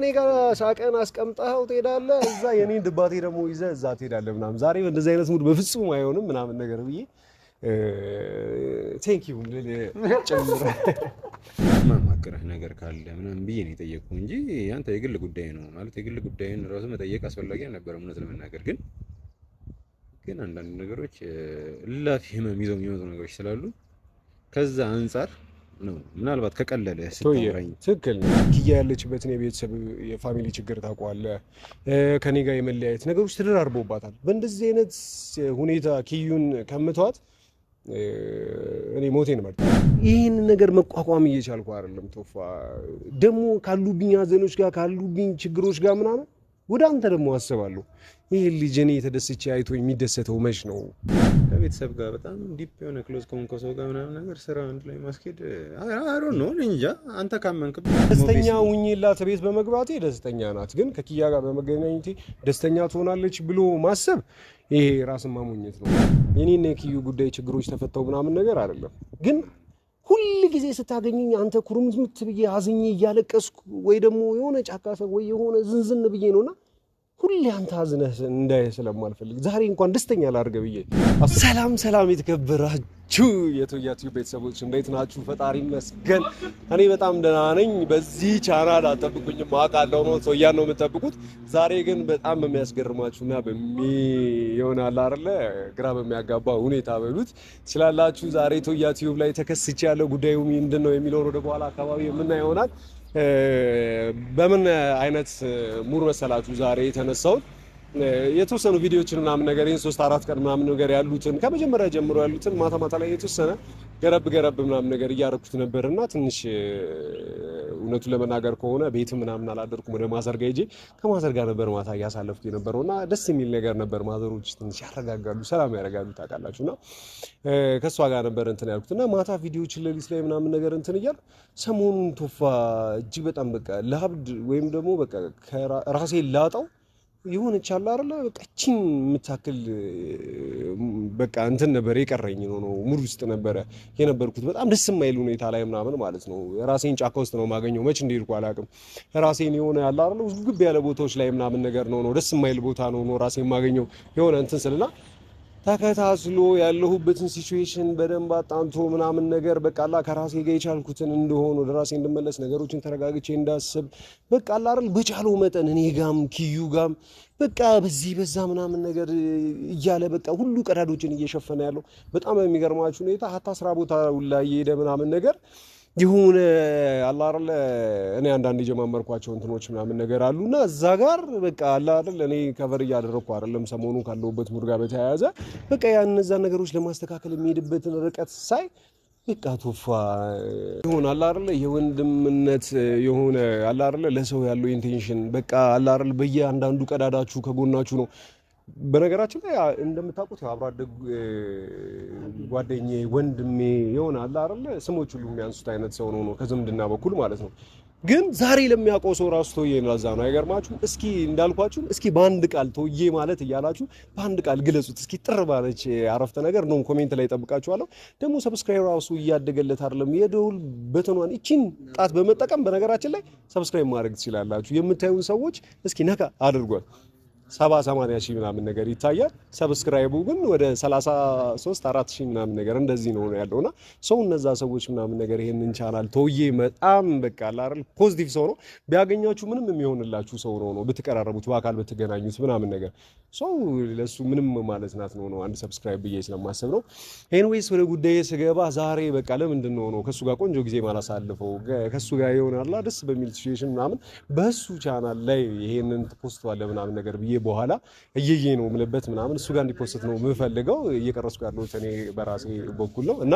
እኔ ጋር ሳቀን አስቀምጠኸው ትሄዳለህ፣ እዛ የኔን ድባቴ ደግሞ ይዘህ እዛ ትሄዳለህ ምናምን። ዛሬ በእንደዚህ አይነት ሙድ በፍጹም አይሆንም ምናምን ነገር ብዬ ቴንክ ዩ ማማክረህ ነገር ካለ ምናምን ብዬ ነው የጠየቅኩህ እንጂ ያንተ የግል ጉዳይ ነው ማለት የግል ጉዳይን ራሱ መጠየቅ አስፈላጊ አልነበረም። እውነት ለመናገር ግን ግን አንዳንድ ነገሮች እላፊ ህመም ይዘው የሚመጡ ነገሮች ስላሉ ከዛ አንጻር ነው። ምናልባት ከቀለለ ትክክል ኪያ ያለችበትን የቤተሰብ የፋሚሊ ችግር ታውቀዋለህ። ከኔ ጋር የመለያየት ነገሮች ተደራርቦባታል። በእንደዚህ አይነት ሁኔታ ኪዩን ከምቷት እኔ ሞቴን መርጥ። ይህን ነገር መቋቋም እየቻልኩ አይደለም። ቶፋ ደግሞ ካሉብኝ ሀዘኖች ጋር ካሉብኝ ችግሮች ጋር ምናምን ወደ አንተ ደግሞ አስባለሁ። ይህን ልጅኔ እኔ የተደስቼ አይቶ የሚደሰተው መች ነው? ከቤተሰብ ጋር በጣም ዲፕ የሆነ ክሎዝ ከሆንክ ሰው ጋር ምናምን ነገር ስራ አንድ ላይ ማስኬድ አሮ ነው። እንጃ አንተ ካመንክ ደስተኛ ውኝላት ቤት በመግባቴ ደስተኛ ናት፣ ግን ከኪያ ጋር በመገናኘቴ ደስተኛ ትሆናለች ብሎ ማሰብ ይሄ ራስን ማሞኘት ነው። የኔና የኪዩ ጉዳይ ችግሮች ተፈተው ምናምን ነገር አይደለም ግን ሁል ጊዜ ስታገኙኝ አንተ ኩርምት ብዬ አዝኜ እያለቀስኩ ወይ ደግሞ የሆነ ጫካ ሰው ወይ የሆነ ዝንዝን ብዬ ነውና ሁሌ አንተ አዝነህ እንዳይ ስለማልፈልግ ዛሬ እንኳን ደስተኛ ላድርገህ ብዬ። ሰላም ሰላም፣ የተከበራችሁ የቶያችሁ ቤተሰቦች እንዴት ናችሁ? ፈጣሪ ይመስገን እኔ በጣም ደህና ነኝ። በዚህ ቻናል አጠብቁኝም አውቃለሁ ነው ቶያን ነው የምጠብቁት። ዛሬ ግን በጣም በሚያስገርማችሁና በሚ ይሆናል አይደለ ግራ በሚያጋባ ሁኔታ በሉት ስላላችሁ ዛሬ ቶያ ቲዩብ ላይ ተከስቼ ያለው ጉዳዩ ምንድን ነው የሚለው ወደ በኋላ አካባቢ የምናየው ይሆናል። በምን አይነት ሙር መሰላችሁ ዛሬ የተነሳሁት የተወሰኑ ቪዲዮዎችን ምናምን ነገር ይህን ሶስት አራት ቀን ምናምን ነገር ያሉትን ከመጀመሪያ ጀምሮ ያሉትን ማታ ማታ ላይ የተወሰነ ገረብ ገረብ ምናምን ነገር እያደረኩት ነበር እና ትንሽ እውነቱን ለመናገር ከሆነ ቤት ምናምን አላደርኩም። ወደ ማዘር ጋር ሄጄ ከማዘር ጋር ነበር ማታ እያሳለፍኩ የነበረው እና ደስ የሚል ነገር ነበር። ማዘሮች ትንሽ ያረጋጋሉ፣ ሰላም ያረጋሉ ታውቃላችሁ። እና ከእሷ ጋር ነበር እንትን ያልኩት እና ማታ ቪዲዮዎችን ሌሊት ላይ ምናምን ነገር እንትን እያል ሰሞኑን ቶፋ እጅግ በጣም በቃ ለሀብድ ወይም ደግሞ በቃ ራሴን ላጣው የሆነ ቻለ አይደለ በቃ እቺን የምታክል በቃ እንትን ነበር የቀረኝ ነው ነው ሙድ ውስጥ ነበረ የነበርኩት በጣም ደስ የማይል ሁኔታ ላይ ምናምን ማለት ነው። ራሴን ጫካ ውስጥ ነው የማገኘው። መች እንደሄድኩ አላውቅም። ራሴን የሆነ ያለ አይደለ ውዝግብ ያለ ቦታዎች ላይ ምናምን ነገር ነው ነው ደስ የማይል ቦታ ነው ነው ራሴን የማገኘው የሆነ እንትን ስልና ተከታትሎ ያለሁበትን ሲቹዌሽን በደንብ አጣንቶ ምናምን ነገር በቃላ ከራሴ ጋር የቻልኩትን እንደሆነ ወደ ራሴ እንድመለስ ነገሮችን ተረጋግቼ እንዳስብ በቃላ አይደል በቻለው መጠን እኔ ጋም ኪዩ ጋም በቃ በዚህ በዛ ምናምን ነገር እያለ በቃ ሁሉ ቀዳዶችን እየሸፈነ ያለው በጣም የሚገርማችሁ ሁኔታ ሀታ ስራ ቦታ ላይ የሄደ ምናምን ነገር የሆነ አላ አይደል እኔ አንዳንድ የጀማመርኳቸው እንትኖች ምናምን ነገር አሉና እዛ ጋር በቃ አላ አይደል እኔ ከቨር እያደረኩ አይደለም ሰሞኑ ካለሁበት ሙድ ጋር በተያያዘ በቃ ያን እነዛን ነገሮች ለማስተካከል የሚሄድበትን ርቀት ሳይ በቃ ቶፋ ይሁን አላ አይደል የወንድምነት የሆነ አላ አይደል ለሰው ያለው ኢንቴንሽን በቃ አላ አይደል በየአንዳንዱ ቀዳዳችሁ ከጎናችሁ ነው በነገራችን ላይ እንደምታውቁት አብሮ አደግ ጓደኛ ወንድሜ የሆነ አለ አይደለ ስሞች ሁሉ የሚያንሱት አይነት ሰው ነው ነው ከዝምድና በኩል ማለት ነው። ግን ዛሬ ለሚያውቀው ሰው ራሱ ተውዬ ነው። አይገርማችሁም? እስኪ እንዳልኳችሁም እስኪ በአንድ ቃል ቶዬ ማለት እያላችሁ በአንድ ቃል ግለጹት። እስኪ ጥር ባለች አረፍተ ነገር ነው ኮሜንት ላይ ጠብቃችኋለሁ። ደግሞ ሰብስክራይብ ራሱ እያደገለት አይደለም። የደውል በተኗን እቺን ጣት በመጠቀም በነገራችን ላይ ሰብስክራይብ ማድረግ ትችላላችሁ። የምታዩን ሰዎች እስኪ ነካ አድርጓል። ሰባ ሰማንያ ሺህ ምናምን ነገር ይታያል። ሰብስክራይቡ ግን ወደ ሰላሳ ሶስት አራት ሺህ ምናምን ነገር እንደዚህ ነው ያለውና ሰው እነዛ ሰዎች ምናምን ነገር ይሄንን ቻናል ተውዬ በጣም በቃ አይደል ፖዚቲቭ ሰው ነው። ቢያገኛችሁ ምንም የሚሆንላችሁ ሰው ነው ነው ብትቀራረቡት፣ በአካል ብትገናኙት ምናምን ነገር ሰው ለሱ ምንም ማለት ናት ነው ነው አንድ ሰብስክራይብ ብዬ ስለማሰብ ነው። ኤንዌይስ ወደ ጉዳይ ስገባ ዛሬ በቃ ለምንድን ነው ነው ከሱ ጋር ቆንጆ ጊዜ ማላሳልፈው ከሱ ጋር ይሆናል ደስ በሚል ሲቹዌሽን ምናምን በሱ ቻናል ላይ ይሄንን ፖስት ባለ ምናምን ነገር ብዬ ከቆየ በኋላ እየዬ ነው የምልበት ምናምን እሱ ጋር እንዲፖስት ነው የምፈልገው እየቀረስኩ ያለሁት እኔ በራሴ በኩል ነው እና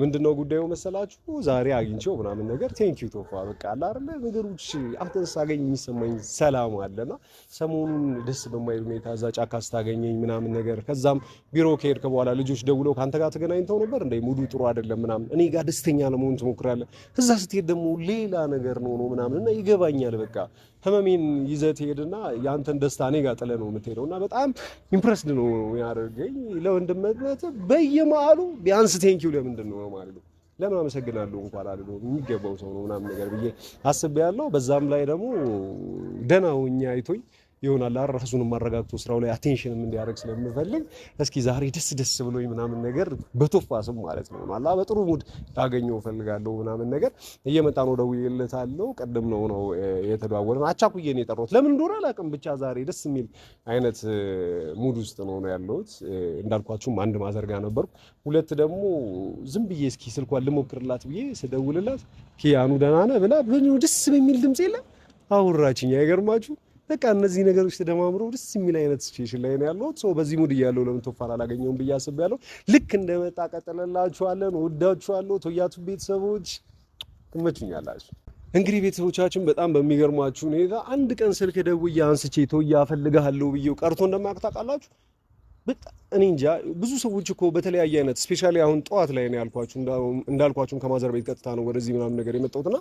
ምንድነው ጉዳዩ መሰላችሁ ዛሬ አግኝቼው ምናምን ነገር ቴንኪዩ ቶፋ በቃ አለ አይደለ ነገሮች አንተን ሳገኝ የሚሰማኝ ሰላም አለና ሰሞኑን ደስ በማይል ሁኔታ እዛ ጫካ ስታገኘኝ ምናምን ነገር ከዛም ቢሮ ከሄድክ በኋላ ልጆች ደውለው ከአንተ ጋር ተገናኝተው ነበር እንደ ሙዱ ጥሩ አይደለም ምናምን እኔ ጋር ደስተኛ ለመሆን ትሞክራለህ እዛ ስትሄድ ደግሞ ሌላ ነገር ነው ነው ምናምን እና ይገባኛል በቃ ህመሜን ይዘህ ትሄድና የአንተን ደስታ እኔ ጋር ጥለህ ነው የምትሄደው። እና በጣም ኢምፕረስድ ነው ያደርገኝ ለወንድምነት በየመሀሉ ቢያንስ ቴንኪው ለምንድን ነው ማለት ነው ለምን አመሰግናለሁ እንኳን አለ የሚገባው ሰው ነው ምናምን ነገር ብዬ አስቤያለሁ። በዛም ላይ ደግሞ ደህና ሆኜ አይቶኝ ይሆናል ራሱንም አረጋግቶ ስራው ላይ አቴንሽንም እንዲያደርግ ስለምፈልግ እስኪ ዛሬ ደስ ደስ ብሎኝ ምናምን ነገር በቶፋ ስም ማለት ነው ማላ በጥሩ ሙድ ላገኘው እፈልጋለሁ ምናምን ነገር እየመጣ ነው ደውዬለታለሁ። ቀደም ነው ነው የተደዋወለ አቻኩዬ ነው የጠራሁት ለምን እንደሆነ አላውቅም። ብቻ ዛሬ ደስ የሚል አይነት ሙድ ውስጥ ነው ነው ያለሁት። እንዳልኳችሁም አንድ ማዘርጋ ነበርኩ፣ ሁለት ደግሞ ዝም ብዬ እስኪ ስልኳን ልሞክርላት ብዬ ስደውልላት ኪያኑ ደህና ነህ ብላ ደስ በሚል ድምጽ የለ አወራችኝ። አይገርማችሁ በቃ እነዚህ ነገሮች ተደማምሮ ደስ የሚል አይነት ሲቹዌሽን ላይ ነው ያለሁት። ሰው በዚህ ሙድ እያለሁ ለምን ቶፋን አላገኘውም ብዬ አስቤያለሁ። ልክ እንደመጣ ቀጥለላችኋለን። ወዳችኋለሁ። ቶያቱ ቤተሰቦች ትመችኛላችሁ። እንግዲህ ቤተሰቦቻችን በጣም በሚገርማችሁ ሁኔታ አንድ ቀን ስልክ ደውዬ አንስቼ ቶያ እፈልግሃለሁ ብዬው ቀርቶ እንደማያውቅ ታውቃላችሁ። እኔ እንጃ ብዙ ሰዎች እኮ በተለያየ አይነት ስፔሻሊ አሁን ጠዋት ላይ ነው ያልኳችሁ እንዳልኳችሁም ከማዘር ቤት ቀጥታ ነው ወደዚህ ምናምን ነገር የመጣሁትና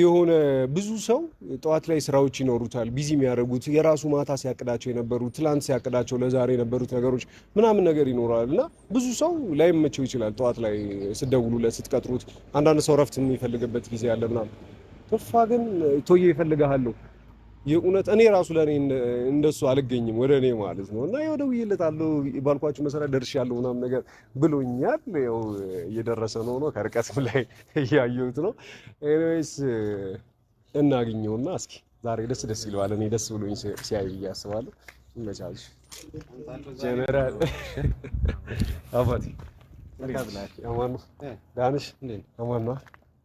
የሆነ ብዙ ሰው ጠዋት ላይ ስራዎች ይኖሩታል ቢዚ የሚያደርጉት የራሱ ማታ ሲያቅዳቸው የነበሩ ትላንት ሲያቅዳቸው ለዛሬ የነበሩት ነገሮች ምናምን ነገር ይኖራል እና ብዙ ሰው ላይመቸው ይችላል። ጠዋት ላይ ስትደውሉለት ስትቀጥሩት፣ አንዳንድ ሰው ረፍት የሚፈልግበት ጊዜ አለ ምናምን ቶፋ ግን ቶዬ ይፈልግሃለሁ የእውነት እኔ ራሱ ለእኔ እንደሱ አልገኝም ወደ እኔ ማለት ነው። እና ወደ ያው ደውዬለታለሁ ባልኳችሁ መሰረት ደርሻለሁ ምናምን ነገር ብሎኛል። ያው እየደረሰ ነው ነው ከርቀትም ላይ እያየሁት ነው። ኤኒዌይስ እናግኘውና እስኪ ዛሬ ደስ ደስ ይለዋል። እኔ ደስ ብሎኝ ሲያዩ ብዬ አስባለሁ። ይመቻልሽ ጀነራል አባቴ። ዳንሽ፣ አማን ነው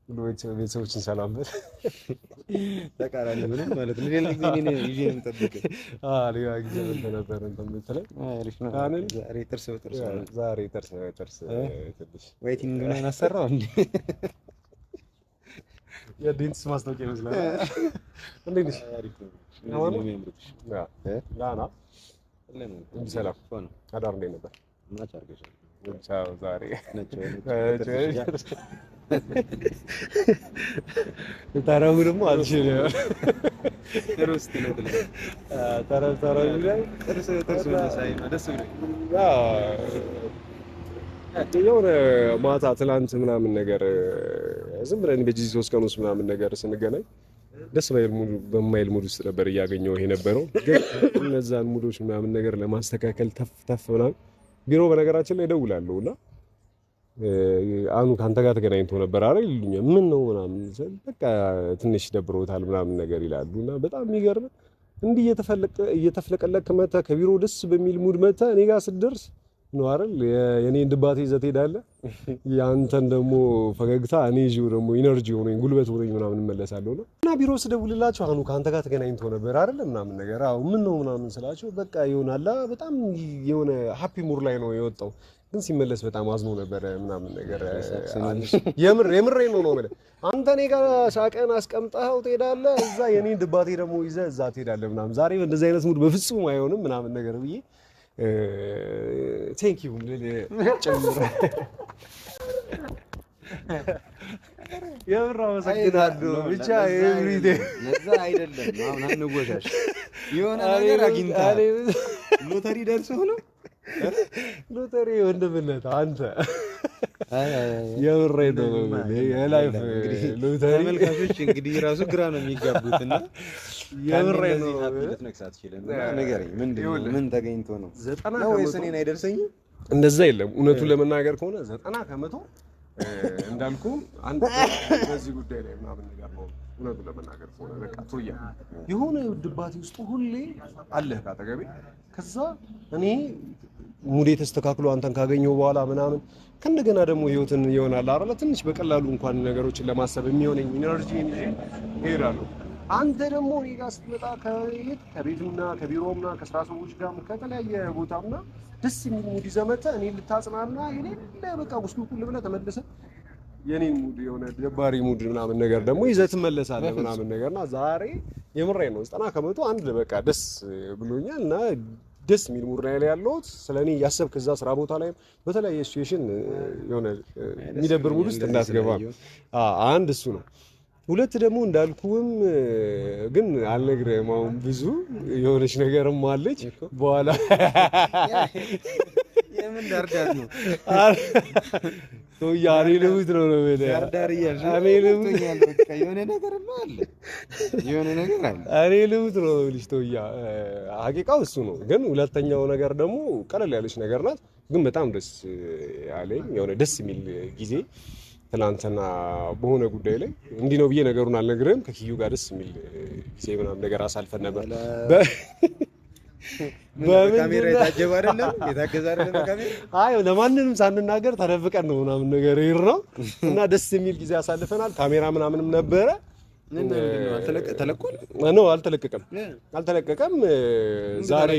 ሁሉ ቤተሰቦችን ሰላምበት ተቃራኒ ምንም ማለት ነው። ሌላ ጊዜ እኔ ይዤ ነው የምጠብቀው። ሌላ ጊዜ ነበረ አሪፍ ዛሬ ጥርስ በጥርስ ዛሬ ጥርስ በጥርስ ትንሽ ወይቲንግ ምን አሰራው እንደ የዴንቲስት ማስታወቂያ ይመስላል። እንዴት ነሽ? ላና ሰላም አዳር እንዴት ነበር? ዛሬ ነጭ ነጭ ተረቡ ደግሞ አልችልም። ተረብ ተረቡ ላይ የሆነ ማታ ትላንት ምናምን ነገር ዝም ብለን በጂዚ ሶስት ቀን ውስጥ ምናምን ነገር ስንገናኝ ደስ በማይል ሙድ ውስጥ ነበር እያገኘው ይሄ ነበረው። ግን እነዛን ሙዶች ምናምን ነገር ለማስተካከል ተፍ ተፍ ምናምን ቢሮ በነገራችን ላይ ደውላለሁ እና አኑ ከአንተ ጋር ተገናኝቶ ነበር አረ ይሉኛል። ምን ነው ምናምን በቃ ትንሽ ደብሮታል ምናምን ነገር ይላሉ። እና በጣም የሚገርም እንዲህ እየተፍለቀለክ መተ ከቢሮ ደስ በሚል ሙድ መተ እኔ ጋር ስደርስ ነው አይደል የኔን ድባቴ ይዘት ሄዳለ የአንተን ደግሞ ፈገግታ እኔ ይዤው ደግሞ ኢነርጂ ሆኖኝ ጉልበት ሆኖኝ ምናምን እመለሳለሁ ነው እና ቢሮ ስደውልላቸው አኑ ከአንተ ጋር ተገናኝቶ ነበር አይደል ምናምን ነገር አዎ ምን ነው ምናምን ስላቸው በቃ ይሆናላ በጣም የሆነ ሀፒ ሙር ላይ ነው የወጣው ግን ሲመለስ በጣም አዝኖ ነበረ ምናምን ነገር የምር የምር ነው ነው ማለት አንተ እኔ ጋር ሻቀን አስቀምጠኸው ትሄዳለህ፣ እዛ የኔን ድባቴ ደግሞ ይዘህ እዛ ትሄዳለህ ምናምን። ዛሬ እንደዚህ አይነት ሙድ በፍጹም አይሆንም ምናምን ነገር ብዬ ቴንክ ዩ ጨምረ የምር አመሰግናለሁ። ብቻ ኤቭሪዴ ለዛ አይደለም አሁን አንወሻሽ የሆነ ነገር አግኝታ ሎተሪ ደርሶ ነው ሎተሪ ወንድምነት አንተ የምሬ ነው። የላይፍ ሎተሪ ተመልካቾች እንግዲህ ራሱ ግራ ነው የሚጋቡት እና የምሬ ነው። ምን ተገኝቶ ነው ዘጠና ወይስ እኔን አይደርሰኝም? እንደዛ የለም። እውነቱን ለመናገር ከሆነ ዘጠና ከመቶ እንዳልኩ አንድ በዚህ ጉዳይ ላይ ምናምን ነገር ነው። እውነቱን ለመናገር ከሆነ በቃ ቶያ የሆነ ድባቴ ውስጥ ሁሌ አለህ ካጠገቤ ከዛ እኔ ሙዴ ተስተካክሎ አንተን ካገኘው በኋላ ምናምን ከእንደገና ደግሞ ህይወትን ይሆናል አረለ ትንሽ በቀላሉ እንኳን ነገሮችን ለማሰብ የሚሆነኝ ኢነርጂ እሄዳለሁ። አንተ ደግሞ እኔ ጋር ስትመጣ ከቤት ከቤትና ከቢሮና ከስራ ሰዎች ጋር ከተለያየ ቦታና ደስ የሚል ሙድ ይዘህ መጥተህ እኔን ልታጽናና የሌለ በቃ ውስጡ ሁሉ ብለህ ተመልሰህ የኔን ሙድ የሆነ ደባሪ ሙድ ምናምን ነገር ደግሞ ይዘህ ትመለሳለህ ምናምን ነገርና ዛሬ የምሬን ነው ዘጠና ከመቶ አንድ በቃ ደስ ብሎኛል እና ደስ የሚል ሙር ላይ ያለሁት ስለ እኔ እያሰብክ እዛ ስራ ቦታ ላይ በተለያየ ሲዌሽን የሆነ የሚደብር ሙድ ውስጥ እንዳትገባ አንድ እሱ ነው። ሁለት ደግሞ እንዳልኩውም ግን አልነግረህም። አሁን ብዙ የሆነች ነገርም አለች በኋላ የምን ዳርዳር ነው? እኔ ልሙት ነው ነው ዳርዳር እያልሽ የሆነ ነገር አለ፣ የሆነ ነገር አለ። እኔ ልሙት ነው ነው ልጅ ተውያ። ሀቂቃው እሱ ነው። ግን ሁለተኛው ነገር ደግሞ ቀለል ያለች ነገር ናት፣ ግን በጣም ደስ ያለኝ የሆነ ደስ የሚል ጊዜ ትናንትና በሆነ ጉዳይ ላይ እንዲህ ነው ብዬ ነገሩን አልነግርህም። ከኪዩ ጋር ደስ የሚል ጊዜ ምናምን ነገር አሳልፈን ነበር በካሜራ የታጀበ አይደለም፣ የታገዘ አይደለም። አይ ለማንንም ሳንናገር ተደብቀን ነው ምናምን ነገር ይር ነው እና ደስ የሚል ጊዜ አሳልፈናል ካሜራ ምናምንም ነበረ። አልተለቀቀም፣ አልተለቀቀም። ዛሬ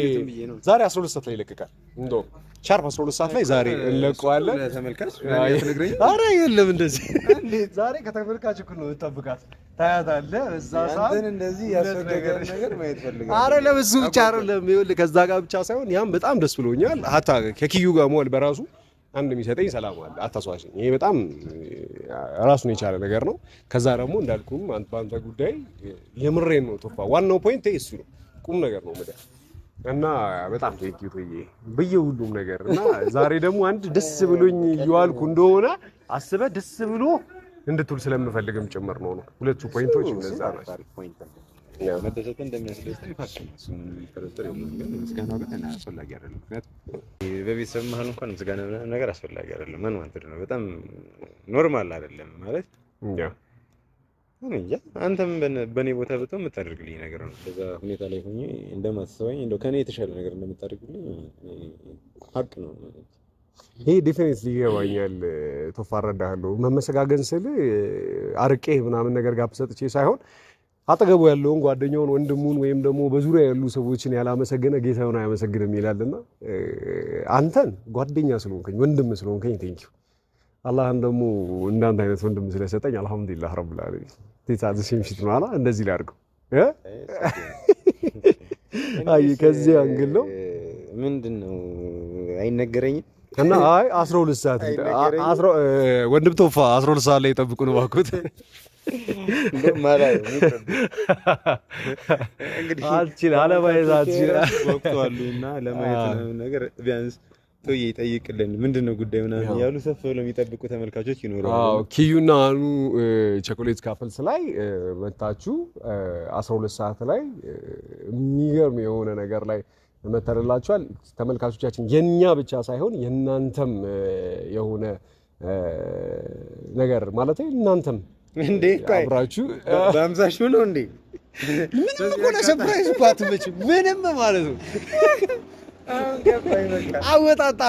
ዛሬ 12 ሰዓት ላይ ይለቀቃል። እንደውም ሻርፕ 12 ሰዓት ላይ ዛሬ እንለቀዋለን። ኧረ የለም እንደዚህ ዛሬ ከተመልካች ነው የምጠብቃት። ሰዓት እንደዚህ ነገር ማየት ፈልጋለሁ። ለብዙ ብቻ ከዛ ጋር ብቻ ሳይሆን ያም በጣም ደስ ብሎኛል። ሀታ ከኪዩ ጋር መዋል በራሱ አንድ የሚሰጠኝ ሰላም አለ። አታስዋሽኝ። ይሄ በጣም ራሱን የቻለ ነገር ነው። ከዛ ደግሞ እንዳልኩም በአንተ ጉዳይ የምሬን ነው። ቶፋ ዋናው ፖይንት እሱ ነው። ቁም ነገር ነው ምዳ እና በጣም ቴንኪው ቶዬ ብዬ ሁሉም ነገር እና ዛሬ ደግሞ አንድ ደስ ብሎኝ እየዋልኩ እንደሆነ አስበ ደስ ብሎ እንድትውል ስለምፈልግም ጭምር ነው ነው ሁለቱ ፖይንቶች እነዛ ናቸው። መደሰት እንደሚያስደስት ይፋችን ምስጋናው ግን አስፈላጊ አይደለም። ምክንያቱም በቤተሰብ መሀል እንኳን ምስጋና ነገር አስፈላጊ አይደለም። ምን ማለት ነው? በጣም ኖርማል አይደለም ማለት አንተም በእኔ ቦታ ብትሆን የምታደርግልኝ ነገር ነው። በዛ ሁኔታ ላይ ሆኜ እንደው ከእኔ የተሻለ ነገር እንደምታደርግልኝ ሀቅ ነው። ይህ ዲፌንስ ሊገባኛል። ቶፋ መመሰጋገን ስል አርቄ ምናምን ነገር ጋር ብሰጥቼ ሳይሆን አጠገቡ ያለውን ጓደኛውን ወንድሙን ወይም ደግሞ በዙሪያ ያሉ ሰዎችን ያላመሰገነ ጌታውን አያመሰግንም ይላልና አንተን ጓደኛ ስለሆንከኝ ወንድም ስለሆንከኝ ቴንኪው። አላህን ደግሞ እንዳንተ አይነት ወንድም ስለሰጠኝ አልሐምዱሊላህ ረብል ዓለሚን። ቴታዝ ሲምሽት ማላ እንደዚህ ላድርገው አይ ከዚህ አንግል ነው ምንድን ነው አይነገረኝም እና አይ 12 ሰዓት ወንድም ቶፋ 12 ሰዓት ላይ ጠብቁን ባኩት አልችል አለማየት አልችል ለማየት ነገር ቢያንስ ቶዬ ይጠይቅልን ምንድን ነው ጉዳይ ምናምን ሰፍ ብለው የሚጠብቁ ተመልካቾች ይኖራሉ። ኪዩና አኑ ቸኮሌት ካፕልስ ላይ መታችሁ 12 ሰዓት ላይ የሚገርም የሆነ ነገር ላይ መተንላችኋል። ተመልካቾቻችን የእኛ ብቻ ሳይሆን የእናንተም የሆነ ነገር ማለት እናንተም እንዴ አብራችሁ በሀምሳ ሺህ ነው እንዴ? ምንም እኮ ለሰርፕራይዝ እኮ አትመችም። ምንም ማለት ነው። አወጣጣ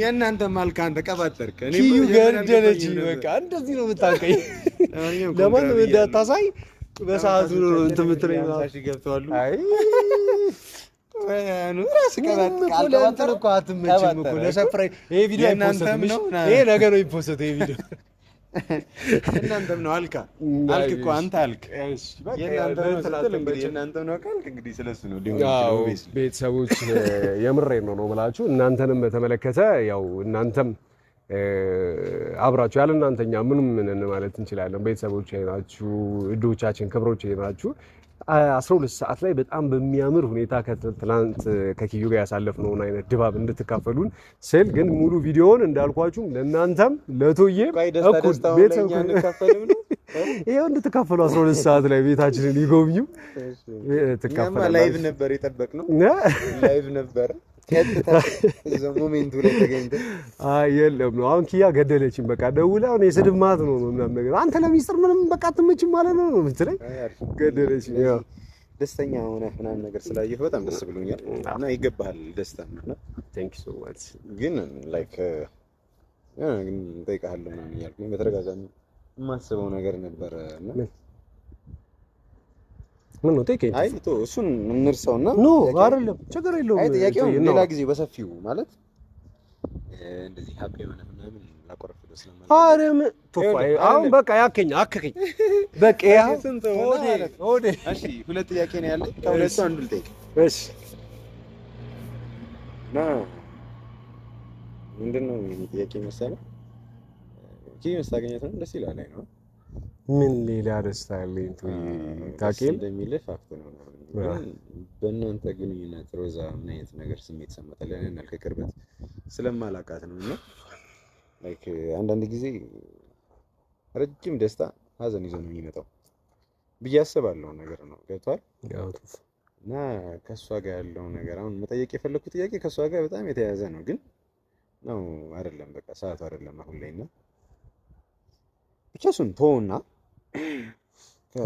የእናንተ ማልክ አንተ ቀባጠርክ። ኪዩ ገደለች። በቃ እንደዚህ ነው የምታቀኝ። ለማንም እንዳታሳይ በሰዓቱ ነው እንትን የምትለኝ ገብተዋሉ ራስ የእናንተም ነው አልካ አልክ እኮ አንተ አልክ እንግዲህ ስለሱ ነው ቤተሰቦች፣ የምሬን ነው ነው ብላችሁ እናንተንም በተመለከተ ያው እናንተም አብራችሁ ያለ እናንተኛ ምንም ማለት እንችላለን። ቤተሰቦች ናችሁ፣ እድዎቻችን፣ ክብሮች ናችሁ። 12 ሰዓት ላይ በጣም በሚያምር ሁኔታ ከትላንት ከኪዩ ጋር ያሳለፍነውን አይነት ድባብ እንድትካፈሉን ስል ግን ሙሉ ቪዲዮውን እንዳልኳችሁም ለእናንተም ለቶዬ ይኸው እንድትካፈሉ 12 ሰዓት ላይ ቤታችንን ይጎብኙ። ላይቭ ነበር የጠበቅነው ላይቭ ነበር ሞሜንቱ ላይ ተገኝተህ የለም ነው አሁን ኪያ ገደለችኝ። በቃ ደውላ አሁን የስድብ ማት ነው ነው ምናምን ነገር አንተ ለሚስጥር ምንም በቃ አትመችም ማለት ነው ነው የምትለኝ። ገደለችኝ። ያው ደስተኛ ሆነህ ምናምን ነገር ስላየሁ በጣም ደስ ብሎኛል እና ይገባሃል ደስታ እና ቴንክ ዩ ሶ ማች። ግን ላይክ ግን እጠይቅሃለሁ ምናምን እያልኩኝ በተደጋጋሚ የማስበው ነገር ነበረ እና ምን ነው ጥያቄ? አይ ቶ እሱን እንርሳውና ኖ አይደለም፣ ችግር የለውም። አይ ጥያቄው ሌላ ጊዜ በሰፊው ማለት እንደዚህ ሀፒ የሆነ ምናምን ላቆረፍኩት ስለማለት ኧረ ምን ቶፋይ አሁን በቃ ያከኝ አከኝ በቃ ያ ሆዴ ሆዴ። እሺ ሁለት ጥያቄ ነው ያለ፣ ከሁለቱ አንዱ ልጠይቅ። እሺ ና ምንድን ነው ጥያቄ መሰለህ ኪ መስታገኘት ነው ደስ ይላል። አይ ነው ምን ሌላ ደስታ አለኝ ታውቂው እንደሚልህ ፋክት ነው። በእናንተ ግንኙነት ሮዛ ምን አይነት ነገር ስሜት ሰማታል? ያን ያህል ከቅርበት ስለማላውቃት ነው። እና ላይክ አንዳንድ ጊዜ ረጅም ደስታ ሀዘን ይዞ ነው የሚመጣው ብዬ አስባለሁ። ነገር ነው ገብቷል። እና ከእሷ ጋር ያለው ነገር አሁን መጠየቅ የፈለግኩ ጥያቄ ከእሷ ጋር በጣም የተያያዘ ነው፣ ግን ነው አይደለም፣ በቃ ሰዓቱ አይደለም አሁን ላይ እና ብቻ እሱን ተወውና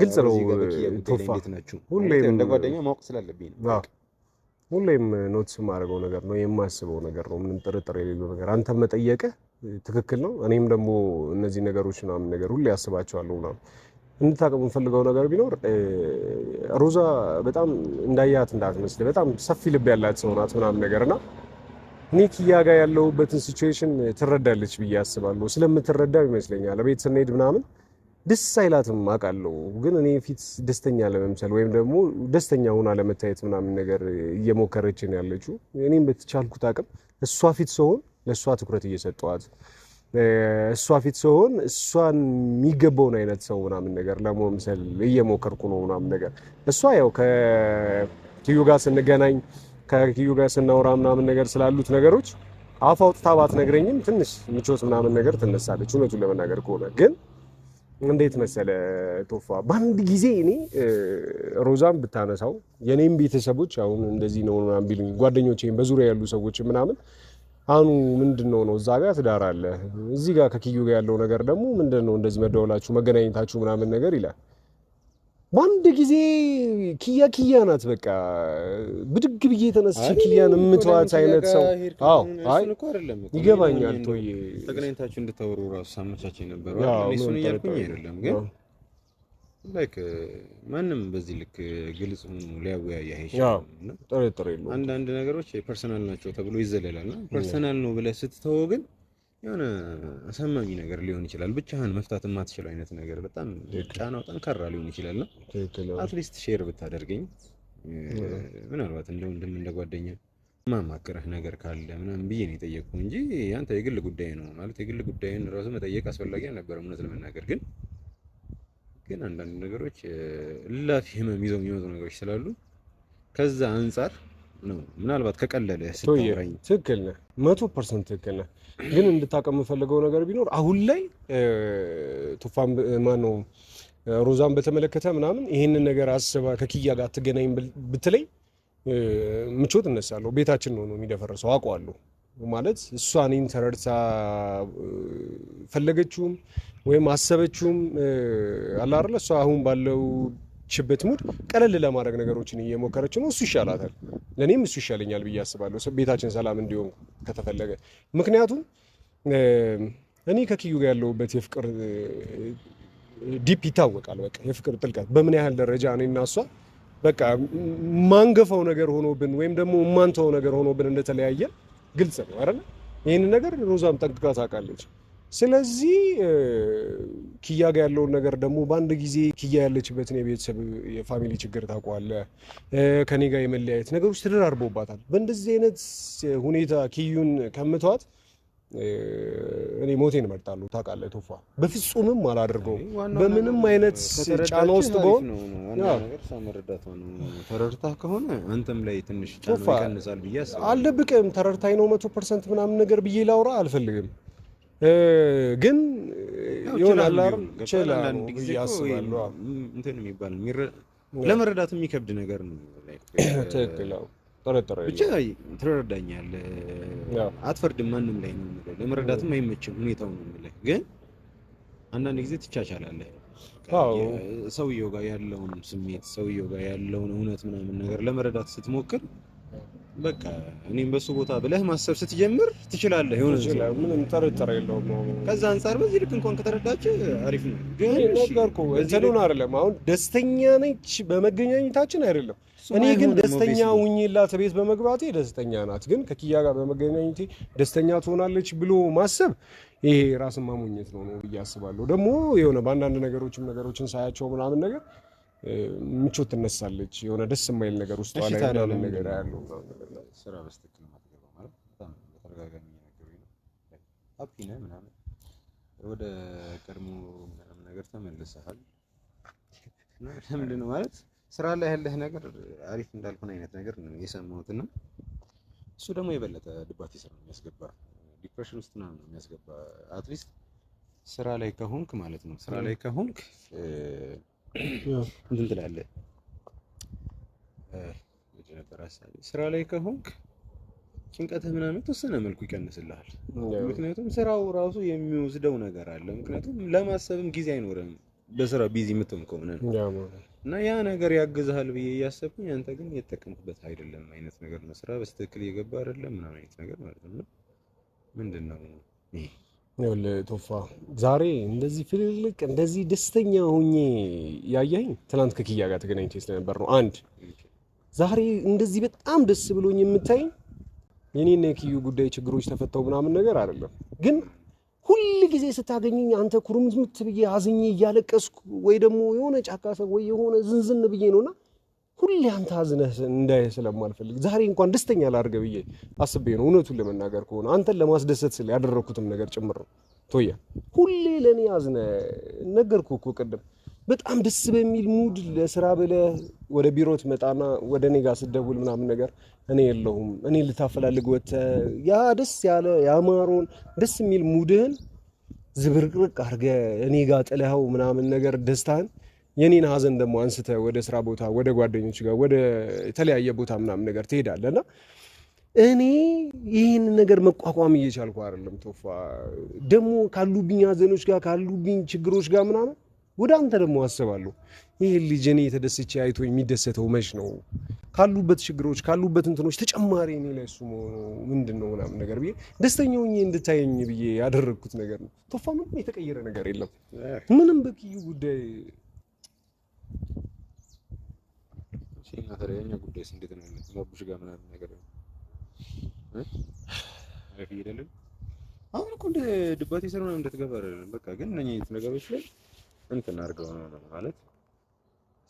ግልጽ ነው። ሁሌም እንደ ጓደኛ ማወቅ ስላለብኝ ሁሌም ኖትስ የማደርገው ነገር ነው፣ የማስበው ነገር ነው። ምንም ጥርጥር የሌለው ነገር አንተ መጠየቀ ትክክል ነው። እኔም ደግሞ እነዚህ ነገሮች ምናምን ነገር ሁሌ ያስባቸዋለሁ ምናምን እንድታቀሙ የምፈልገው ነገር ቢኖር ሮዛ በጣም እንዳያት እንዳትመስል በጣም ሰፊ ልብ ያላት ሰው ናት ምናምን ነገር እና እኔ ኪያ ጋር ያለሁበትን ሲቹዌሽን ትረዳለች ብዬ አስባለሁ። ስለምትረዳው ይመስለኛል ቤት ስንሄድ ምናምን ደስ አይላትም አውቃለሁ። ግን እኔ ፊት ደስተኛ ለመምሰል ወይም ደግሞ ደስተኛ ሆና ለመታየት ምናምን ነገር እየሞከረች ነው ያለችው። እኔም በተቻልኩት አቅም እሷ ፊት ስሆን ለእሷ ትኩረት እየሰጠዋት፣ እሷ ፊት ስሆን እሷን የሚገባውን አይነት ሰው ምናምን ነገር ለመምሰል እየሞከርኩ ነው ምናምን ነገር እሷ ያው ከክዩ ጋር ስንገናኝ ከክዩ ጋር ስናወራ ምናምን ነገር ስላሉት ነገሮች አፍ አውጥታ ባትነግረኝም ትንሽ ምቾት ምናምን ነገር ትነሳለች እውነቱን ለመናገር ከሆነ ግን እንዴት መሰለ ቶፋ፣ በአንድ ጊዜ እኔ ሮዛን ብታነሳው የኔም ቤተሰቦች አሁን እንደዚህ ነው ምናምን ቢሉኝ ጓደኞቼም በዙሪያ ያሉ ሰዎች ምናምን አኑ ምንድን ነው ነው እዛ ጋር ትዳር አለ እዚህ ጋር ከኪዩ ጋር ያለው ነገር ደግሞ ምንድን ነው እንደዚህ መደወላችሁ መገናኘታችሁ ምናምን ነገር ይላል። በአንድ ጊዜ ኪያ ኪያ ናት። በቃ ብድግ ብዬ የተነስቼ ኪያን የምትዋት አይነት ሰው። አዎ አይ ይገባኛል። ቶዬ ተገናኝታችሁ እንድታወሩ ራሱ ሳመቻች ነበር። እሱን እያልኩኝ አይደለም፣ ግን ላይክ ማንም በዚህ ልክ ግልጽ ሆኖ ሊያወያየህ አይችልም። ጥርጥር የለውም። አንዳንድ ነገሮች ፐርሰናል ናቸው ተብሎ ይዘለላል ፐርሰናል ነው ብለህ ስትተወው ግን የሆነ አሳማሚ ነገር ሊሆን ይችላል። ብቻህን መፍታት የማትችለው አይነት ነገር በጣም ጫናው ጠንካራ ሊሆን ይችላል ነው። አትሊስት ሼር ብታደርገኝ ምናልባት እንደ ወንድም እንደ ጓደኛ ማማክረህ ነገር ካለ ምናምን ብዬ ነው የጠየቅኩ እንጂ ያንተ የግል ጉዳይ ነው ማለት የግል ጉዳይን ራሱ መጠየቅ አስፈላጊ አልነበረም። እውነት ለመናገር ግን ግን አንዳንድ ነገሮች እላፊ ህመም ይዘው የሚመጡ ነገሮች ስላሉ ከዛ አንጻር ነው። ምናልባት ከቀለለ ስታወራኝ ትክክል ነህ፣ መቶ ፐርሰንት ትክክል ነህ። ግን እንድታቀም የምፈልገው ነገር ቢኖር አሁን ላይ ቱፋን ነው ሮዛን በተመለከተ ምናምን ይሄንን ነገር አስባ ከኪያ ጋር አትገናኝም ብትለኝ ምቾት እነሳለሁ። ቤታችን ነው ነው የሚደፈረሰው አውቀዋለሁ። ማለት እሷ እኔን ተረድታ ፈለገችውም ወይም አሰበችውም አላርለ እሷ አሁን ባለው ያለችበት ሙድ ቀለል ለማድረግ ነገሮችን እየሞከረች ነው። እሱ ይሻላታል፣ ለእኔም እሱ ይሻለኛል ብዬ አስባለሁ፣ ቤታችን ሰላም እንዲሆን ከተፈለገ። ምክንያቱም እኔ ከኪዩ ጋር ያለሁበት የፍቅር ዲፕ ይታወቃል። በቃ የፍቅር ጥልቀት በምን ያህል ደረጃ እኔ እና እሷ በቃ ማንገፋው ነገር ሆኖብን ወይም ደግሞ ማንተው ነገር ሆኖብን እንደተለያየ ግልጽ ነው አይደል? ይህን ነገር ሮዛም ጠንቅቃ ታውቃለች። ስለዚህ ክያ ጋ ያለውን ነገር ደግሞ በአንድ ጊዜ ክያ ያለችበትን የቤተሰብ የፋሚሊ ችግር ታውቀዋለህ። ከኔ ጋር የመለያየት ነገሮች ተደራርቦባታል። በእንደዚህ አይነት ሁኔታ ክዩን ከምተዋት እኔ ሞቴን እመርጣለሁ። ታውቃለህ ቶፋ፣ በፍጹምም አላደርገውም። በምንም አይነት ጫና ውስጥ በሆን ተረድታህ ከሆነ አንተም ላይ ትንሽ ጫና ይቀንሳል ብዬ አስባለሁ። አልደብቅም። ተረድታኝ ነው መቶ ፐርሰንት ምናምን ነገር ብዬ ላውራ አልፈልግም ግን ይሆናል ለመረዳት የሚከብድ ነገር ነው። ብቻ ትረዳኛለህ፣ አትፈርድም ማንም ላይ ነው። ለመረዳትም አይመችም ሁኔታው ነው ግን አንዳንድ ጊዜ ትቻቻላለህ ሰውየው ጋር ያለውን ስሜት ሰውየው ጋር ያለውን እውነት ምናምን ነገር ለመረዳት ስትሞክር በቃ እኔም በሱ ቦታ ብለህ ማሰብ ስትጀምር ትችላለህ። የሆነ ምንም ጥርጥር የለውም። ከዛ አንጻር በዚህ ልክ እንኳን ከተረዳች አሪፍ ነው። ግን ነገርኩ እንትኑን አይደለም አሁን ደስተኛ ነች በመገናኘታችን አይደለም። እኔ ግን ደስተኛ ውኝላት ቤት በመግባቴ ደስተኛ ናት። ግን ከኪያ ጋር በመገናኘቴ ደስተኛ ትሆናለች ብሎ ማሰብ ይሄ ራስን ማሞኘት ነው ነው ብዬ አስባለሁ። ደግሞ የሆነ በአንዳንድ ነገሮችም ነገሮችን ሳያቸው ምናምን ነገር ምቾት ትነሳለች። የሆነ ደስ የማይል ነገር ውስጥ ላይ ያለ ነገር ያሉ ስራ በስትክክል ማትገባው ማለት በጣም በተደጋጋሚ እየነገሩኝ ነው። ሀፒ ነህ ምናምን ወደ ቀድሞ ምናምን ነገር ተመልሰሃል። ምንድነው ማለት ስራ ላይ ያለህ ነገር አሪፍ እንዳልሆነ አይነት ነገር ነው የሰማሁት እና እሱ ደግሞ የበለጠ ድባቴ ስራ ነው የሚያስገባ ዲፕሬሽን ውስጥ ምናምን ነው የሚያስገባ። አትሊስት ስራ ላይ ከሆንክ ማለት ነው ስራ ላይ ከሆንክ እንትን ትላለህ። ነበር ሀሳቤ ስራ ላይ ከሆንክ ጭንቀትህ ምናምን የተወሰነ መልኩ ይቀንስልሃል። ምክንያቱም ስራው ራሱ የሚወስደው ነገር አለ። ምክንያቱም ለማሰብም ጊዜ አይኖርም በስራ ቢዚ የምትሆን ከሆነ እና ያ ነገር ያግዝሃል ብዬ እያሰብኩኝ፣ አንተ ግን እየተጠቀምኩበት አይደለም አይነት ነገር ነው። ስራ በስትክክል እየገባ አይደለም ምናምን አይነት ነገር ማለት ነው። ምንድን ነው ይሄ? ቶፋ ዛሬ እንደዚህ ፍልልቅ እንደዚህ ደስተኛ ሆኜ ያያኝ ትናንት ከኪያ ጋር ተገናኝቼ ስለነበር ነው። አንድ ዛሬ እንደዚህ በጣም ደስ ብሎኝ የምታይኝ የኔና የኪዩ ጉዳይ ችግሮች ተፈተው ምናምን ነገር አይደለም፣ ግን ሁል ጊዜ ስታገኘኝ አንተ ኩርምት ብዬ አዝኜ እያለቀስኩ ወይ ደግሞ የሆነ ጫካ ሰብ ወይ የሆነ ዝንዝን ብዬ ነውና ሁሌ አንተ አዝነህ እንዳይ ስለማልፈልግ ዛሬ እንኳን ደስተኛ ላድርገ ብዬ አስቤ ነው። እውነቱን ለመናገር ከሆነ አንተን ለማስደሰት ስለ ያደረግኩትም ነገር ጭምር ነው። ቶያ ሁሌ ለእኔ አዝነህ ነገርኩ እኮ ቅድም። በጣም ደስ በሚል ሙድ ለስራ ብለህ ወደ ቢሮ ትመጣና ወደ እኔ ጋር ስደውል ምናምን ነገር እኔ የለሁም እኔ ልታፈላልግ ወጥተህ ያ ደስ ያለ ያማረውን ደስ የሚል ሙድህን ዝብርቅርቅ አድርገህ እኔ ጋር ጥለኸው ምናምን ነገር ደስታህን የኔን ሀዘን ደግሞ አንስተ ወደ ስራ ቦታ ወደ ጓደኞች ጋር ወደ የተለያየ ቦታ ምናምን ነገር ትሄዳለ እና እኔ ይህን ነገር መቋቋም እየቻልኩ አይደለም። ቶፋ ደግሞ ካሉብኝ ሀዘኖች ጋር ካሉብኝ ችግሮች ጋር ምናምን ወደ አንተ ደግሞ አስባለሁ። ይህ ልጅ እኔ የተደስቼ አይቶ የሚደሰተው መች ነው? ካሉበት ችግሮች ካሉበት እንትኖች ተጨማሪ እኔ ላይ እሱ ምንድን ነው ምናምን ነገር ብዬ ደስተኛ ሆኜ እንድታየኝ ብዬ ያደረግኩት ነገር ነው። ቶፋ ምንም የተቀየረ ነገር የለም። ምንም በኪዩ ጉዳይ እናተለያኛ ጉዳይ እንዴት ነው ያለች ጋር ምናምን ነገር ነው አይደለም። አሁን እኮ እንደ ድባቴ ስር ምናምን እንደተገባ አይደለም። በቃ ግን እነኚህ አይነት ነገሮች ላይ እንትን አድርገው ነው ማለት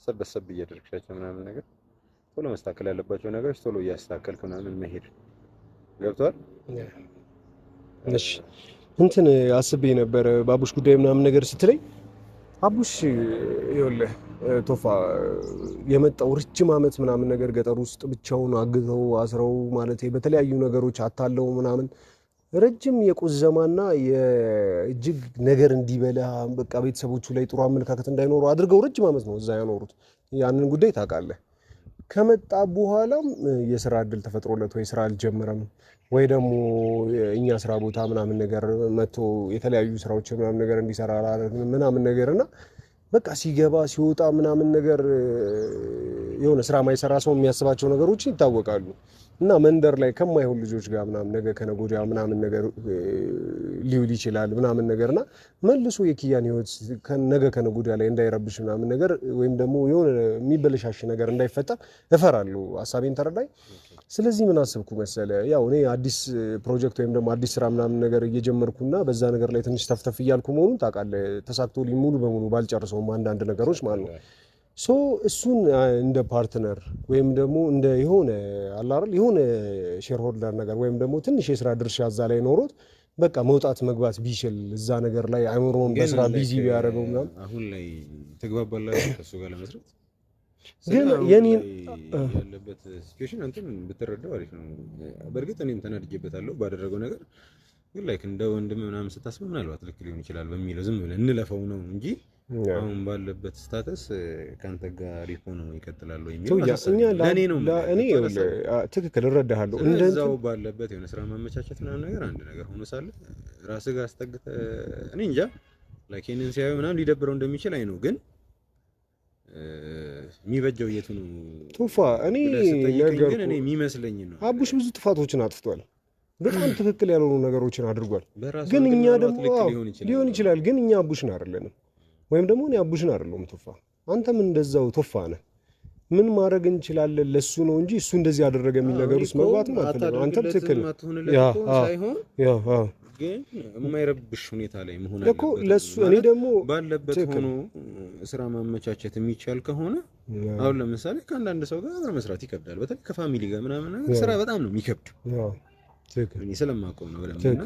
ሰበሰብ እያደረግሻቸው ምናምን ነገር ቶሎ መስተካከል ያለባቸው ነገሮች ቶሎ እያስተካከልክ ምናምን መሄድ ገብቷል። እሺ እንትን አስቤ ነበረ ባቡሽ ጉዳይ ምናምን ነገር ስትለኝ አቡሽ ይኸውልህ ቶፋ የመጣው ረጅም ዓመት ምናምን ነገር ገጠር ውስጥ ብቻውን አግዘው አስረው ማለት በተለያዩ ነገሮች አታለው ምናምን ረጅም የቁዘማና የእጅግ ነገር እንዲበላ በቃ ቤተሰቦቹ ላይ ጥሩ አመለካከት እንዳይኖሩ አድርገው ረጅም ዓመት ነው እዛ ያኖሩት። ያንን ጉዳይ ታውቃለህ። ከመጣ በኋላም የስራ እድል ተፈጥሮለት ወይ ስራ አልጀመረም ወይ ደግሞ እኛ ስራ ቦታ ምናምን ነገር መጥቶ የተለያዩ ስራዎች ምናምን ነገር እንዲሰራ ምናምን ነገር እና በቃ ሲገባ ሲወጣ ምናምን ነገር የሆነ ስራ ማይሰራ ሰው የሚያስባቸው ነገሮች ይታወቃሉ። እና መንደር ላይ ከማይሆን ልጆች ጋር ምናምን ነገ ከነገ ወዲያ ምናምን ነገር ሊውል ይችላል ምናምን ነገርና መልሶ የኪያን ህይወት ነገ ከነገ ወዲያ ላይ እንዳይረብሽ ምናምን ነገር ወይም ደግሞ የሆነ የሚበለሻሽ ነገር እንዳይፈጠር እፈራለሁ። ሀሳቤን ተረዳኝ። ስለዚህ ምን አስብኩ መሰለ፣ ያው እኔ አዲስ ፕሮጀክት ወይም ደግሞ አዲስ ስራ ምናምን ነገር እየጀመርኩና በዛ ነገር ላይ ትንሽ ተፍተፍ እያልኩ መሆኑን ታውቃለህ። ተሳክቶልኝ ሙሉ በሙሉ ባልጨርሰውም አንዳንድ ነገሮች ማለት ነው ሶ እሱን እንደ ፓርትነር ወይም ደግሞ እንደ የሆነ አላረል የሆነ ሼር ሆልደር ነገር ወይም ደግሞ ትንሽ የስራ ድርሻ እዛ ላይ ኖሮት በቃ መውጣት መግባት ቢችል እዛ ነገር ላይ አይምሮን በስራ ቢዚ ቢያደርገው ምናምን አሁን ላይ ትግባባላችሁ ከእሱ ጋር ለመስራት ግን የኔን ያለበት ሲቹዌሽን አንተም ብትረዳው አሪፍ ነው። በእርግጥ እኔም ተናድጄበታለሁ ባደረገው ነገር ግን ላይክ እንደ ወንድም ምናምን ስታስብ ምናልባት ልክ ሊሆን ይችላል በሚለው ዝም ብለህ እንለፈው ነው እንጂ አሁን ባለበት ስታተስ ከአንተ ጋር አሪፍ ሆኖ ይቀጥላል የሚለው ነው። እኔ ትክክል እረዳሃለሁ። እንደዛው ባለበት የሆነ ስራ ማመቻቸት ምናምን ነገር አንድ ነገር ሆኖ ሳለ ራስህ ጋር አስጠግተ እኔ እንጃ ላኬንን ሲያዩ ምናምን ሊደብረው እንደሚችል አይ ነው ግን የሚበጀው የቱ ነው? ቱፋ እኔ ግን እኔ የሚመስለኝ ነው አቡሽ ብዙ ጥፋቶችን አጥፍቷል። በጣም ትክክል ያልሆኑ ነገሮችን አድርጓል። ግን እኛ ደግሞ ሊሆን ይችላል ግን እኛ አቡሽን አይደለንም ወይም ደግሞ እኔ አቡሽን አይደለሁም ቶፋ፣ አንተም እንደዛው ቶፋ ነህ። ምን ማድረግ እንችላለን? ለሱ ነው እንጂ እሱ እንደዚህ ያደረገ የሚል ነገር ውስጥ መግባት ማለት ነው። አንተም ትክክል ግን የማይረብሽ ሁኔታ ላይ መሆን እኮ ለሱ እኔ ደግሞ ባለበት ሆኖ ስራ ማመቻቸት የሚቻል ከሆነ አሁን ለምሳሌ ከአንዳንድ ሰው ጋር አብረህ መስራት ይከብዳል። በተለይ ከፋሚሊ ጋር ምናምን ስራ በጣም ነው የሚከብድ። ስለማውቀው ነው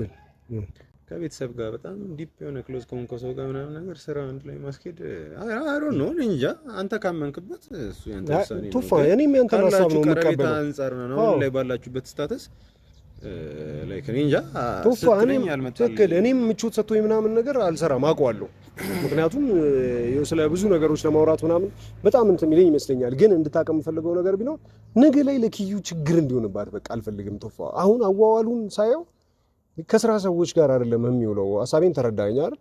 ከቤተሰብ ጋር በጣም ዲፕ የሆነ ክሎዝ ከሆንከ ሰው ጋር ምናምን ነገር ስራ አንድ ላይ ማስኬድ አሮ ነው። እንጃ አንተ ካመንክበት እሱ ያንተ ውሳኔ ነው። እኔም ያንተን ሀሳብ ነው የምቀበለው አንጻር ነው። አሁን ላይ ባላችሁበት ስታተስ ላይክ እኔ እንጃ ቶፋ እኔም ትክክል እኔም ምቾት ሰጥቶኝ ምናምን ነገር አልሰራም አውቀዋለሁ። ምክንያቱም ስለ ብዙ ነገሮች ለማውራት ምናምን በጣም እንትን የሚለኝ ይመስለኛል። ግን እንድታውቅ የምፈልገው ነገር ቢኖር ነገ ላይ ለኪዩ ችግር እንዲሆንባት በቃ አልፈልግም። ቶፋ አሁን አዋዋሉን ሳየው ከስራ ሰዎች ጋር አይደለም የሚውለው። አሳቤን ተረዳኛል።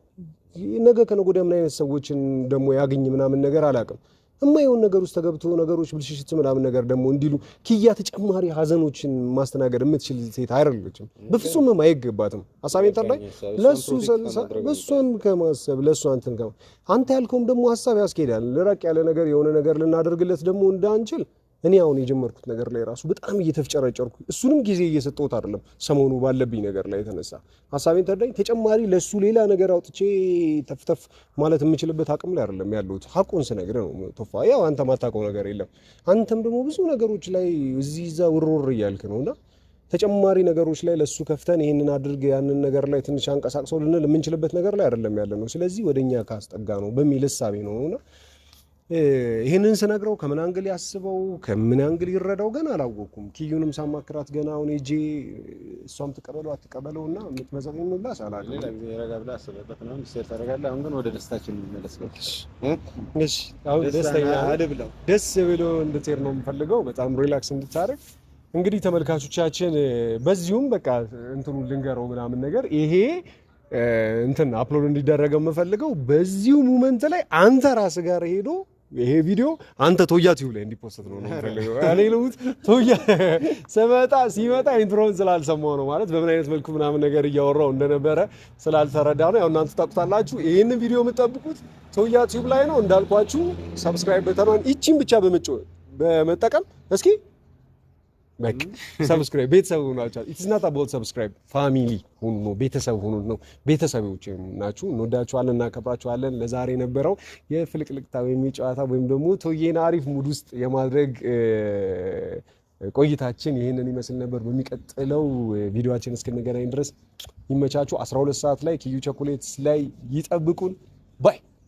ነገ ከነገ ወዲያ ምን አይነት ሰዎችን ደግሞ ያገኝ ምናምን ነገር አላውቅም። የማይሆን ነገር ውስጥ ተገብቶ ነገሮች ብልሽሽት ምናምን ነገር ደግሞ እንዲሉ ኪያ ተጨማሪ ሀዘኖችን ማስተናገድ የምትችል ሴት አይደለችም፣ በፍጹምም አይገባትም። ሀሳቤን ተረዳኝ። ለሱ እሷን ከማሰብ ለእሱ አንተን ከማ አንተ ያልከውም ደግሞ ሀሳብ ያስኬዳል። ልራቅ ያለ ነገር የሆነ ነገር ልናደርግለት ደግሞ እንዳንችል እኔ አሁን የጀመርኩት ነገር ላይ ራሱ በጣም እየተፍጨረጨርኩ እሱንም ጊዜ እየሰጠሁት አይደለም። ሰሞኑ ባለብኝ ነገር ላይ የተነሳ ሀሳቤን ተረዳኝ። ተጨማሪ ለእሱ ሌላ ነገር አውጥቼ ተፍተፍ ማለት የምችልበት አቅም ላይ አይደለም ያለሁት። ሀቁን ስነግርህ ነው ቶፋ። ያው አንተ ማታውቀው ነገር የለም። አንተም ደግሞ ብዙ ነገሮች ላይ እዚህ እዛ ውርውር እያልክ ነው እና ተጨማሪ ነገሮች ላይ ለእሱ ከፍተን ይህንን አድርግ ያንን ነገር ላይ ትንሽ አንቀሳቅሰው ልንል የምንችልበት ነገር ላይ አይደለም ያለ ነው። ስለዚህ ወደኛ ካስጠጋ ነው በሚል እሳቤ ነው እና ይህንን ስነግረው ከምን አንግል ያስበው ከምን አንግል ይረዳው ገና አላወቅኩም። ኪዩንም ሳማክራት ገና አሁን ጄ እሷም ትቀበለው አትቀበለው እና የምትመዘገኝ ብላ ሳላለ ደስ ብሎ እንድትሄድ ነው የምፈልገው። በጣም ሪላክስ እንድታደርግ እንግዲህ ተመልካቾቻችን፣ በዚሁም በቃ እንትኑ ልንገረው ምናምን ነገር ይሄ እንትን አፕሎድ እንዲደረገው የምፈልገው በዚሁ ሙመንት ላይ አንተ ራስ ጋር ሄዶ ይሄ ቪዲዮ አንተ ቶያ ቲዩብ ላይ እንዲፖስት ነው ነው ፈልገው እኔ ልሙት ቶያ ስመጣ ሲመጣ ኢንትሮን ስላልሰማው ነው ማለት በምን አይነት መልኩ ምናምን ነገር እያወራው እንደነበረ ስላልተረዳ ነው። ያው እናንተ ታውቁታላችሁ። ይህንን ቪዲዮ የምጠብቁት ቶያ ቲዩብ ላይ ነው እንዳልኳችሁ። ሰብስክራይብ በተኗን ይቺን ብቻ በመጠቀም እስኪ በቃ ሰብስክራይብ ቤተሰብ ሆናችኋል። ኢትስ ናት አባውት ሰብስክራይብ ፋሚሊ ሆኑ ነው ቤተሰብ ሆኑ ነው ቤተሰቦች ናችሁ። እንወዳችኋለን፣ እናከብራችኋለን። ለዛሬ የነበረው የፍልቅልቅታ ወይም የጨዋታ ወይም ደግሞ ቶዬን አሪፍ ሙድ ውስጥ የማድረግ ቆይታችን ይህንን ይመስል ነበር። በሚቀጥለው ቪዲዮችን እስክንገናኝ ድረስ ይመቻችሁ። 12 ሰዓት ላይ ኪዩ ቸኮሌትስ ላይ ይጠብቁን ባይ